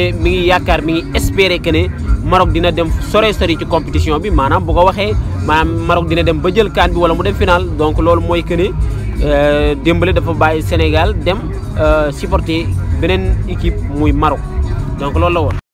et mi ngi yaakaar mi ngi espérer que ne Maroc dina dem sore sori ci compétition bi maanaam bu ko waxee maanaam Maroc dina dem ba jël kaan bi wala mu dem final donc loolu mooy que ne euh, Dembélé dafa bàyyi Sénégal dem euh, supporter beneen équipe muy Maroc donc loolu la woon.